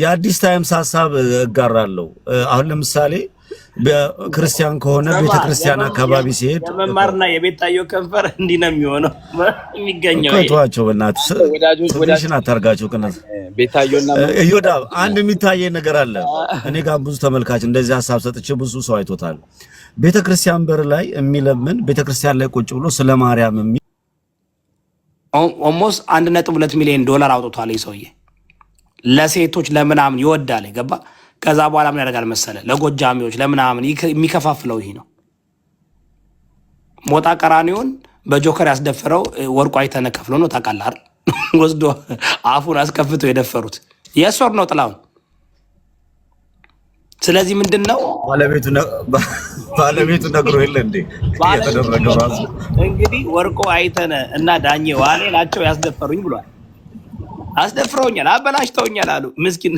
የአዲስ ታይምስ ሀሳብ እጋራለሁ። አሁን ለምሳሌ ክርስቲያን ከሆነ ቤተክርስቲያን አካባቢ ሲሄድ መማርና የቤታየው ከንፈር እንዲህ ነው የሚሆነው የሚገኘው። ተዋቸው በእናትሽን አታርጋቸው። ቅነት እዮዳ አንድ የሚታየ ነገር አለ። እኔ ጋር ብዙ ተመልካች እንደዚህ ሀሳብ ሰጥቼ ብዙ ሰው አይቶታል። ቤተክርስቲያን በር ላይ የሚለምን ቤተክርስቲያን ላይ ቁጭ ብሎ ስለ ማርያም የሚ ኦልሞስት አንድ ነጥብ ሁለት ሚሊዮን ዶላር አውጥቷል ይህ ሰውዬ ለሴቶች ለምናምን ይወዳል ገባ። ከዛ በኋላ ምን ያደርጋል መሰለ ለጎጃሚዎች ለምናምን የሚከፋፍለው ይሄ ነው። ሞጣ ቀራኒውን በጆከር ያስደፈረው ወርቁ የተነከፍለው ነው ታውቃለህ። ወስዶ አፉን አስከፍቶ የደፈሩት የሶር ነው ጥላሁን። ስለዚህ ምንድን ነው ባለቤቱ ነግሮ የለ እንዴ? እንግዲህ ወርቁ አይተነ እና ዳኘ ዋሌ ናቸው ያስደፈሩኝ ብሏል። አስደፍረውኛል፣ አበላሽተውኛል አሉ። ምስኪን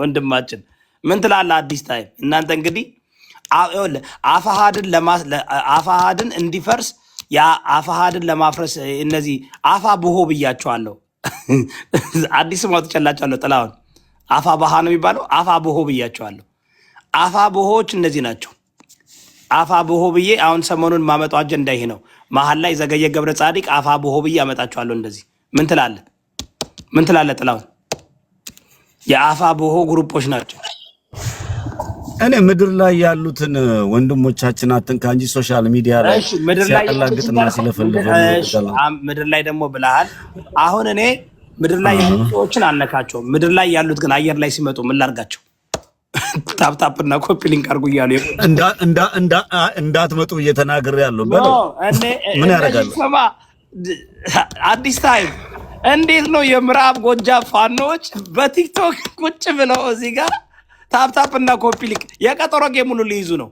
ወንድማችን ምን ትላለህ? አዲስ ታይም እናንተ እንግዲህ አፋሃድን እንዲፈርስ አፋሃድን ለማፍረስ እነዚህ አፋ ብሆ ብያቸዋለሁ። አዲስ ማ ትጨላቸዋለሁ። ጥላሁን አፋ ባሃ ነው የሚባለው። አፋ ብሆ ብያቸዋለሁ። አፋ ብሆዎች እነዚህ ናቸው። አፋ ብሆ ብዬ አሁን ሰሞኑን ማመጣው አጀንዳ ይሄ ነው። መሀል ላይ ዘገየ ገብረ ጻዲቅ አፋ ብሆ ብዬ አመጣቸዋለሁ። እንደዚህ ምን ትላለህ? ምን ትላለህ ጥላሁን? የአፋብኃ ግሩፖች ናቸው። እኔ ምድር ላይ ያሉትን ወንድሞቻችን አትንካ እንጂ ሶሻል ሚዲያ ላይ ሲያቀላግጥና ሲለፈልፍ ምድር ላይ ደግሞ ብለሃል። አሁን እኔ ምድር ላይ ያሉትን ሰዎችን አልነካቸውም። ምድር ላይ ያሉት ግን አየር ላይ ሲመጡ ምን ላርጋቸው? ታፕታፕና ኮፒ ሊንክ አርጉ እያሉ እንዳትመጡ እየተናገር ያለው ምን ያደርጋሉ? አዲስ ታይም እንዴት ነው የምዕራብ ጎጃም ፋኖች በቲክቶክ ቁጭ ብለው እዚህ ጋር ታፕታፕ እና ኮፒ ሊክ የቀጠሮ ጌም ሁሉ ሊይዙ ነው።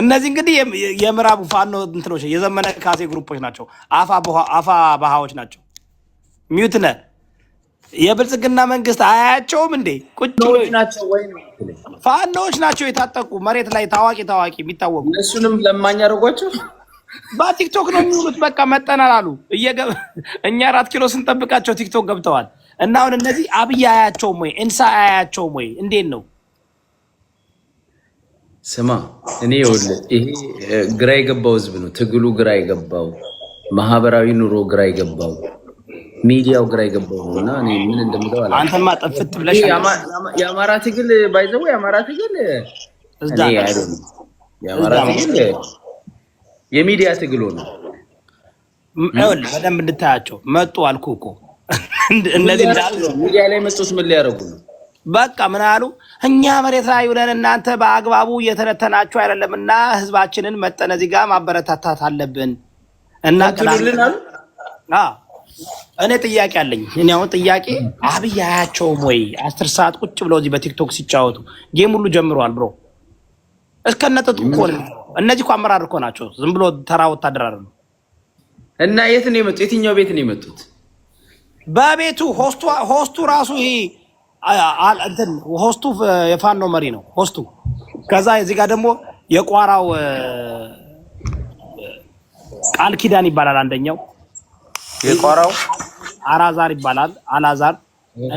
እነዚህ እንግዲህ የምዕራቡ ፋኖ እንትኖች የዘመነ ካሴ ግሩፖች ናቸው። አፋ ባሃዎች ናቸው። ሚዩትነ የብልጽግና መንግስት አያቸውም እንዴ? ቁጭ ፋኖዎች ናቸው የታጠቁ መሬት ላይ ታዋቂ ታዋቂ የሚታወቁ እነሱንም ለማኝ አድርጓቸው በቲክቶክ ነው የሚውሉት። በቃ መጠናል አሉ። እኛ አራት ኪሎ ስንጠብቃቸው ቲክቶክ ገብተዋል። እና አሁን እነዚህ አብይ አያቸውም ወይ እንሳ አያቸውም ወይ? እንዴት ነው? ስማ እኔ ይሄ ግራ የገባው ህዝብ ነው። ትግሉ ግራ የገባው ማህበራዊ ኑሮ ግራ የገባው ሚዲያው ግራ የገባው ነው እና እኔ ምን እንደምለው አለ። አንተማ ጠፍት ብለሽ የአማራ ትግል ባይዘው የአማራ ትግል እዛ የአማራ ትግል የሚዲያ ትግሎ ነው። በደንብ እንድታያቸው መጡ አልኩ እኮ ሚዲያ ላይ መጡስ ምን ሊያደርጉ ነው? በቃ ምን አሉ? እኛ መሬት ላይ ውለን እናንተ በአግባቡ እየተነተናችሁ አይደለም፣ እና ህዝባችንን መጠነ እዚህ ጋር ማበረታታት አለብን እና እኔ ጥያቄ አለኝ። እኔ አሁን ጥያቄ አብይ አያቸውም ወይ? አስር ሰዓት ቁጭ ብለው እዚህ በቲክቶክ ሲጫወቱ ጌም ሁሉ ጀምረዋል ብሎ እስከነጠጡ እኮ እነዚህ እኮ አመራር እኮ ናቸው። ዝም ብሎ ተራ ወታደር ነው። እና የት ነው የመጡት? የትኛው ቤት ነው የመጡት? በቤቱ ሆስቱ ራሱ ይሄ እንትን ሆስቱ የፋኖ መሪ ነው ሆስቱ። ከዛ እዚህ ጋር ደግሞ የቋራው ቃል ኪዳን ይባላል አንደኛው፣ የቋራው አራዛር ይባላል አላዛር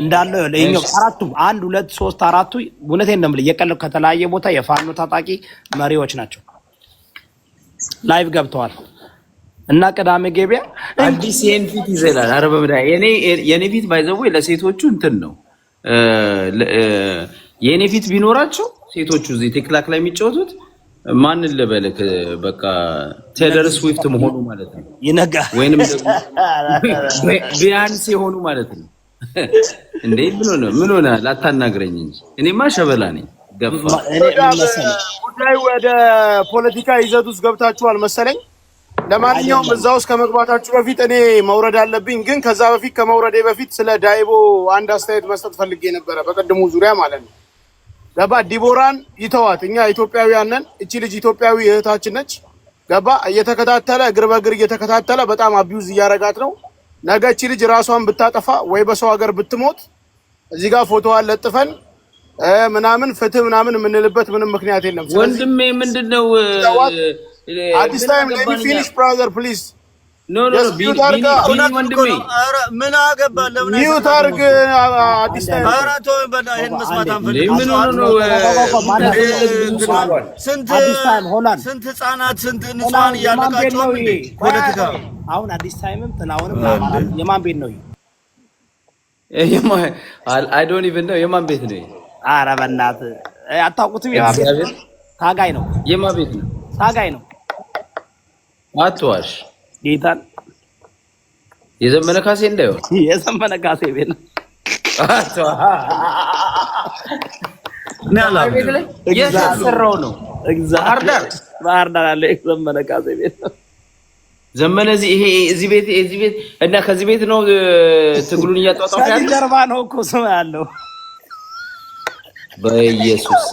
እንዳለ ለኛው አራቱ አንድ ሁለት ሶስት አራቱ እውነቴን እንደምል እየቀለድኩ ከተለያየ ቦታ የፋኖ ታጣቂ መሪዎች ናቸው። ላይቭ ገብተዋል እና ቅዳሜ ገበያ አዲስ የኔ ፊት ይዘላል። ኧረ በመድኃኒዓለም የኔ ፊት ባይዘው ለሴቶቹ እንትን ነው የኔ ፊት ቢኖራቸው ሴቶቹ እዚህ ቲክላክ ላይ የሚጫወቱት ማን ልበልክ? በቃ ቴለር ስዊፍት መሆኑ ማለት ነው ይነጋ ወይንም ቢያንስ የሆኑ ማለት ነው እንዴ ምን ሆነ? ላታናግረኝ እንጂ እኔማ ሸበላ ነኝ። ገፋ ጉዳይ ወደ ፖለቲካ ይዘት ውስጥ ገብታችኋል መሰለኝ። ለማንኛውም እዛ ውስጥ ከመግባታችሁ በፊት እኔ መውረድ አለብኝ፣ ግን ከዛ በፊት ከመውረዴ በፊት ስለ ዳይቦ አንድ አስተያየት መስጠት ፈልጌ ነበረ፣ በቀድሞ ዙሪያ ማለት ነው። ገባ ዲቦራን ይተዋት፣ እኛ ኢትዮጵያውያን ነን። እቺ ልጅ ኢትዮጵያዊ እህታችን ነች። ገባ እየተከታተለ እግር በእግር እየተከታተለ በጣም አቢውዝ እያረጋት ነው ነገቺ ልጅ ራሷን ብታጠፋ ወይ በሰው ሀገር ብትሞት እዚህ ጋር ፎቶዋን ለጥፈን ምናምን ፍትህ ምናምን የምንልበት ምንም ምክንያት የለም። ወንድሜ ምንድነው አዲስ ታይም ፊኒሽ ብራዘር ፕሊዝ ኖ ኖ አዲስ ታይም ስንት ህጻናት ስንት ንጹሃን እያለቃችሁ አሁን አዲስ ታይምም ጥላሁንም የማን ቤት ነው? አይ ዶንት ኢቭን ነው የማን ቤት ነው? ኧረ በእናትህ አታውቁትም። ታጋይ ነው? የማን ቤት ነው? ታጋይ ነው። አትዋሽ ጌታን የዘመነ ካሴ እንዳይሆን የዘመነ ካሴ ቤት ነው። የት ያሰራው ነው? ባህር ዳር ባህር ዳር የዘመነ ካሴ ቤት ነው። ዘመነ ይሄ እዚህ ቤት እዚህ ቤት እና ከዚህ ቤት ነው ትግሉን እያጧጧፈ ያለው ጀርባ ነው እኮ ስም ያለው። በኢየሱስ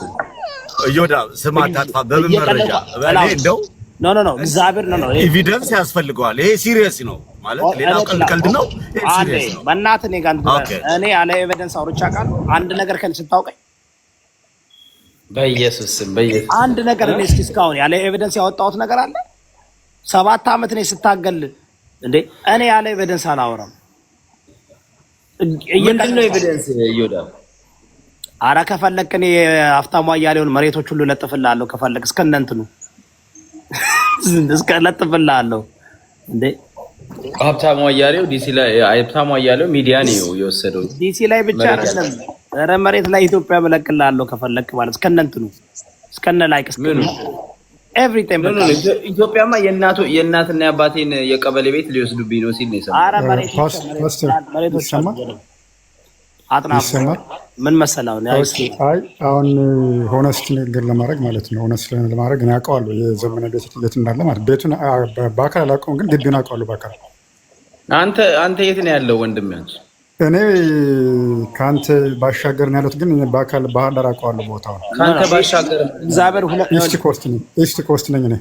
እዮዳ ስም አታጥፋ። በምን መረጃ እንደው ኖ ኖ ኖ እግዚአብሔር ነው ነው ኤቪደንስ ያስፈልገዋል። ይሄ ሲሪየስ ነው ማለት ሌላ ቀልድ ቀልድ ነው። አንዴ በእናትህ እኔ ጋር እኔ ያለ ኤቪደንስ አውርቼ አውቃለሁ? አንድ ነገር ከን ስታውቀኝ በኢየሱስ በኢየሱስ አንድ ነገር እኔ እስኪ እስካሁን ያለ ኤቪደንስ ያወጣሁት ነገር አለ? ሰባት ዓመት እኔ ስታገል እንዴ እኔ ያለ ኤቪደንስ አላወራም። ምንድን ነው ኤቪደንስ ይወዳ አረ ከፈለክ እኔ ሀብታሙ አያሌውን መሬቶች ሁሉ ለጥፍልሃለሁ ከፈለክ እስከ እንትን ነው እስካላጥፍልሃለሁ እንዴ ሀብታሙ አያሌው ዲሲ ላይ ሀብታሙ አያሌው ሚዲያ ነው የወሰደው። ዲሲ ላይ ብቻ አይደለም፣ ኧረ መሬት ላይ ኢትዮጵያ እለቅልሃለሁ ከፈለክ ማለት እስከነንትኑ እስከነ ላይክ እስከነ ኤቭሪቲንግ ነው። ኢትዮጵያማ የእናቱ የእናትና የአባቴን የቀበሌ ቤት ሊወስዱብኝ ነው ሲል ነው የሰማሁት። አጥናፉ ምን መሰለህ፣ አሁን ሆነስት ንግግር ለማድረግ ማለት ነው። ሆነስት ለማድረግ እኔ አውቀዋለሁ የዘመነ ቤት የት እንዳለ ማለት ቤቱን በአካል አላውቀውም፣ ግን ግቢውን አውቀዋለሁ በአካል። አንተ አንተ የት ነው ያለው ወንድም? እኔ ከአንተ ባሻገር ነው ያሉት፣ ግን በአካል ባህር ዳር አውቀዋለሁ ቦታውን። ከአንተ ባሻገር እግዚአብሔር ኢስት ኮስት ነኝ እኔ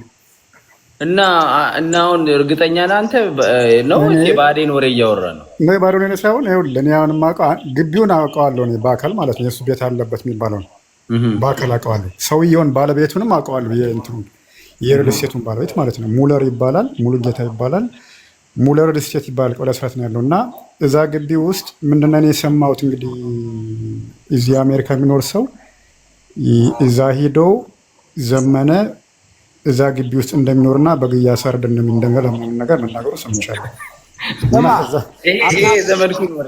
እና እና አሁን እርግጠኛ ነህ አንተ ነው እንዴ? ባዴን ወሬ እያወራ ነው ነው ባዶን ነው ሳይሆን ይኸውልህ፣ እኔ አሁን የማውቀው ግቢውን አውቀዋለሁ እኔ በአካል ማለት ነው። የእሱ ቤት አለበት የሚባለው ነው በአካል አውቀዋለሁ። ሰውየውን ባለቤቱንም አውቀዋለሁ። የእንትኑ የሪል ስቴቱን ባለቤት ማለት ነው። ሙለር ይባላል፣ ሙሉ ጌታ ይባላል። ሙለር ሪል ስቴት ይባላል። ቆላ ስራት ነው ያለው እና እዛ ግቢ ውስጥ ምንድን ነው የሰማሁት እንግዲህ እዚህ አሜሪካ የሚኖር ሰው እዛ ሂዶ ዘመነ እዛ ግቢ ውስጥ እንደሚኖርና በግያ ሳርድ እንደሚንደንገል ምንም ነገር መናገሩ ሰምቻለሁ። ቤት ነው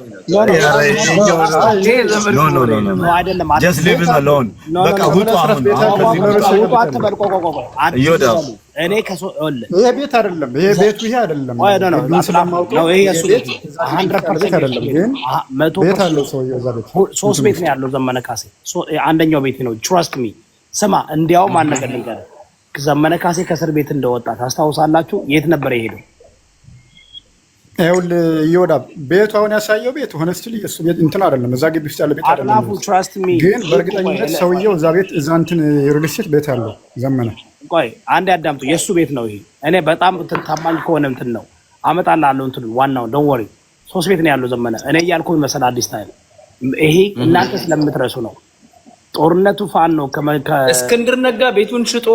ያለው ዘመነ ካሴ። አንደኛው ቤት ነው። ትረስት ሚ ስማ፣ እንዲያውም አንድ ነገር ዘመነ ካሴ ከእስር ቤት እንደወጣ ታስታውሳላችሁ? የት ነበር የሄደው? ይሁል ይወዳ ቤቱ አሁን ያሳየው ቤት ሆነ ስትል የሱ ቤት እንትን አይደለም፣ እዛ ግቢ ውስጥ ያለ ቤት አይደለም። ግን በእርግጠኝነት ሰውየው እዛ ቤት እዛ እንትን የሪልስቴት ቤት አለው። ዘመነ ቆይ አንድ ያዳምጡ፣ የእሱ ቤት ነው ይሄ። እኔ በጣም ታማኝ ከሆነ እንትን ነው አመጣልሃለሁ፣ እንትን ዋናው ዶንት ወሪ። ሶስት ቤት ነው ያለው ዘመነ። እኔ እያልኩህ መሰለህ አዲስ ታይል ይሄ እናንተ ስለምትረሱ ነው። ጦርነቱ ፋን ነው። እስክንድር ነጋ ቤቱን ሽጦ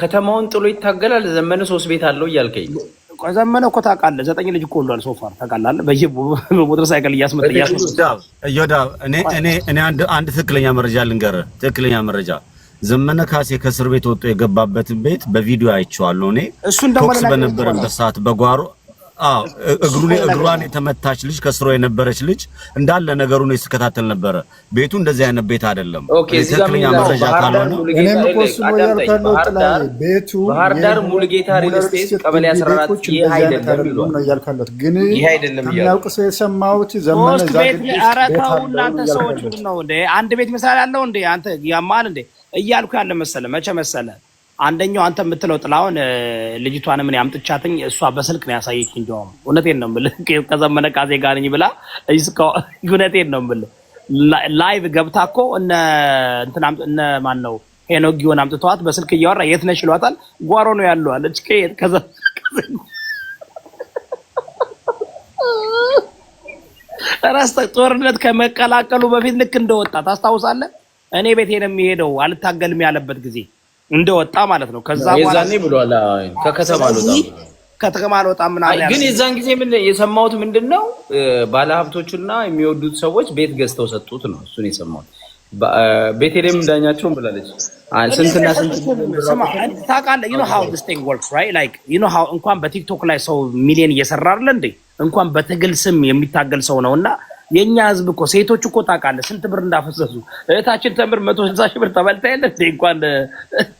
ከተማውን ጥሎ ይታገላል። ዘመነ ሶስት ቤት አለው እያልከኝ ዘመነ እኮ ታውቃለህ፣ ዘጠኝ ልጅ እኮ ወልዷል። ሶፋር ታውቃለህ፣ በሞተር ሳይክል እያስመጣ እያስመጣ። እኔ እኔ እኔ አንድ አንድ ትክክለኛ መረጃ ልንገርህ፣ ትክክለኛ መረጃ ዘመነ ካሴ ከእስር ቤት ወጥቶ የገባበትን ቤት በቪዲዮ አይቼዋለሁ። እኔ እሱ ተኩስ በነበረበት ሰዓት በጓሮ እግሯን የተመታች ልጅ ከስሮ የነበረች ልጅ እንዳለ ነገሩን ስትከታተል ነበረ። ቤቱ እንደዚህ አይነት ቤት አይደለም። ትክክለኛ መረጃ ካልሆነ ባህር ዳር ሙሉጌታ ሪል ስቴት ቀበሌ አስራ ግን ይሄ አይደለም የሚያውቅ ሰው የሰማሁት ዘመነ ኧረ ተው እናንተ ሰዎች ምንድን ነው አንድ ቤት መሰለህ ያለው እንዴ? አንተ ያማል እንዴ? እያልኩ ያለ መሰለ መቼ መሰለህ አንደኛው አንተ የምትለው ጥላሁን ልጅቷን ምን ያምጥቻትኝ እሷ በስልክ ነው ያሳየች። እንዲያውም እውነቴን ነው የምልህ ከዘመነ ቃዜ ጋር ነኝ ብላ እውነቴን ነው የምልህ ላይቭ ገብታ እኮ እነ ማን ነው ሄኖክ ጊዮን አምጥተዋት በስልክ እያወራ የት ነሽ ይሏታል። ጓሮ ነው ያለዋል እች ከዛ ራስ ጦርነት ከመቀላቀሉ በፊት ልክ እንደወጣ ታስታውሳለህ። እኔ ቤቴ ነው የሚሄደው አልታገልም ያለበት ጊዜ እንደወጣ ማለት ነው። ከዛ የዛኔ ብሏል ከከተማ ከተማ አልወጣም ምናምን። ግን የዛን ጊዜ ምን የሰማሁት ምንድን ነው ባለሀብቶቹና የሚወዱት ሰዎች ቤት ገዝተው ሰጡት ነው እሱን የሰማሁት። ቤቴሌም ዳኛቸውን ብላለች ስንትና ስንት እንኳን በቲክቶክ ላይ ሰው ሚሊዮን እየሰራ አለ እንዴ! እንኳን በትግል ስም የሚታገል ሰው ነው እና የእኛ ህዝብ እኮ ሴቶች እኮ ታውቃለህ ስንት ብር እንዳፈሰሱ። እህታችን ተምር መቶ ስልሳ ሺህ ብር ተበልታ የለ እንዴ እንኳን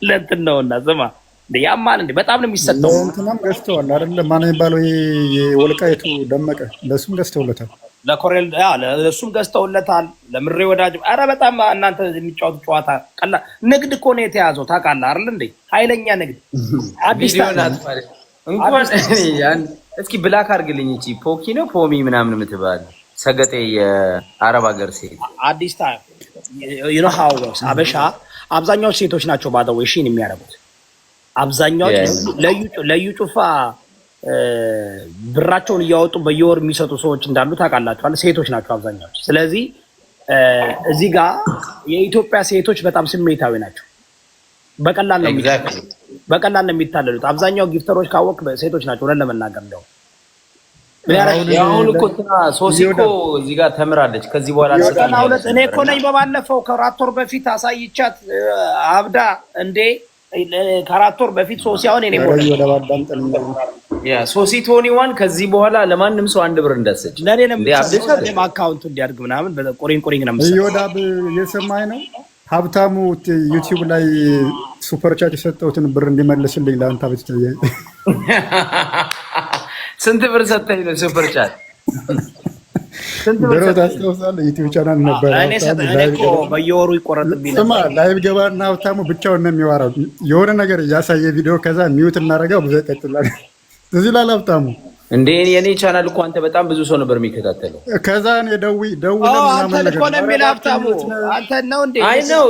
ለእንትን ነውና ስማ ያማን እንዴ በጣም ነው የሚሰጠው። እንትናም ገዝተዋል አይደለም ማነው የሚባለው የወልቃይቱ ደመቀ ለእሱም ገዝተውለታል፣ ለኮሬል ለእሱም ገዝተውለታል፣ ለምሬ ወዳጅ። አረ በጣም እናንተ የሚጫወቱ ጨዋታ ቀላ ንግድ እኮ ነው የተያዘው ታውቃለህ አይደል እንዴ ኃይለኛ ንግድ። አዲስ እንኳን እስኪ ብላክ አድርግልኝ። እቺ ፖኪ ነው ፖሚ ምናምን የምትባል ሰገጤ የአረብ ሀገር ሴት አዲስ ታ አበሻ አብዛኛዎች ሴቶች ናቸው። ባደው ሺን የሚያደርጉት አብዛኛዎች ለዩ ጩፋ ብራቸውን እያወጡ በየወር የሚሰጡ ሰዎች እንዳሉ ታውቃላችኋል። ሴቶች ናቸው አብዛኛዎች። ስለዚህ እዚህ ጋር የኢትዮጵያ ሴቶች በጣም ስሜታዊ ናቸው። በቀላል ነው በቀላል ነው የሚታለሉት። አብዛኛው ጊፍተሮች ካወቅ ሴቶች ናቸው። ለመናገር እንደው አሁን እኮ ሶሲ እኮ እዚህ ጋር ተምራለች። ከዚህ በኋላ እኔ እኮ ነኝ በባለፈው ከአራት ወር በፊት አሳይቻት አብዳ እንዴ ከአራት ወር በፊት ሶሲ አሁን ኔ ሶሲ ቶኒ ዋን ከዚህ በኋላ ለማንም ሰው አንድ ብር እንዳሰች ለሌለም አካውንት እንዲያድግ ምናምን ቆሪን ቆሪን ነው ዮዳብ እየሰማኝ ነው። ሀብታሙ ዩቲዩብ ላይ የሰጠሁትን ብር እንዲመልስልኝ ለአንተ ስንት ብር ሰጠኝ ነው ሱፐር ቻት? ድሮ ታስታውሳለህ? ዩቲዩብ ቻናል ነበር። በየወሩ ይቆረጥብኝ ነበር። ላይቭ ገባና ሀብታሙ ብቻውን ነው የሚዋራው የሆነ ነገር ያሳየ ቪዲዮ፣ ከዛ ሚውት እናደርገው ብዙ ይቀጥላል። እዚህ ላይ ሀብታሙ እንዴ የኔ ቻናል እኮ አንተ በጣም ብዙ ሰው ነበር የሚከታተለው። ከዛ ነው ደዊ ደዊ ነው ምናምን ነገር ነው። አንተ ነው እንዴ? አይ ነው